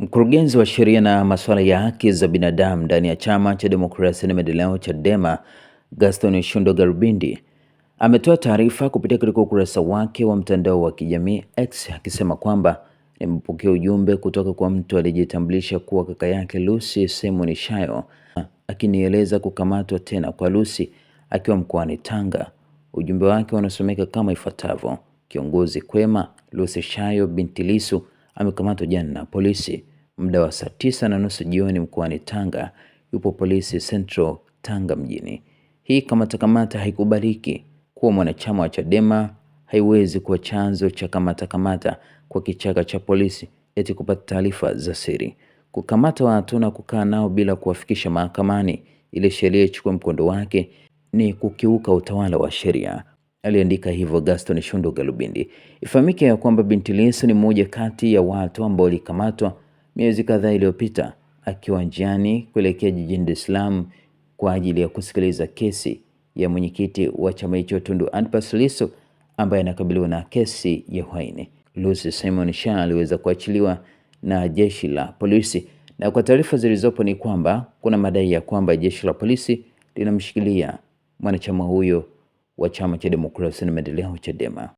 Mkurugenzi wa sheria na masuala ya haki za binadamu ndani ya Chama cha Demokrasia na Maendeleo Chadema, Gaston Shundo Garubindi ametoa taarifa kupitia katika ukurasa wake wa mtandao wa kijamii X akisema kwamba nimepokea ujumbe kutoka kwa mtu aliyejitambulisha kuwa kaka yake Lucy Simon Shayo akinieleza kukamatwa tena kwa Lucy akiwa mkoani Tanga. Ujumbe wake unasomeka kama ifuatavyo: Kiongozi kwema, Lucy Shayo binti Lisu amekamatwa jana na polisi. Muda wa saa tisa na nusu jioni mkoani Tanga yupo polisi Central Tanga mjini. Hii kamatakamata haikubaliki. Kuwa mwanachama wa Chadema haiwezi kuwa chanzo cha kamatakamata kwa kichaka cha polisi eti kupata taarifa za siri, kukamata watu na kukaa nao bila kuwafikisha mahakamani ili sheria ichukue mkondo wake ni kukiuka utawala wa sheria. Aliandika hivyo Gaston Shundo Galubindi. Ifahamike ya kwamba binti Lisu ni mmoja kati ya watu ambao walikamatwa miezi kadhaa iliyopita akiwa njiani kuelekea jijini Dar es Salaam kwa ajili ya kusikiliza kesi ya mwenyekiti wa chama hicho Tundu Antipas Lissu ambaye anakabiliwa na kesi ya uhaini. Lucy Simon Sha aliweza kuachiliwa na jeshi la polisi, na kwa taarifa zilizopo ni kwamba kuna madai ya kwamba jeshi la polisi linamshikilia mwanachama huyo wa chama cha demokrasia na maendeleo Chadema.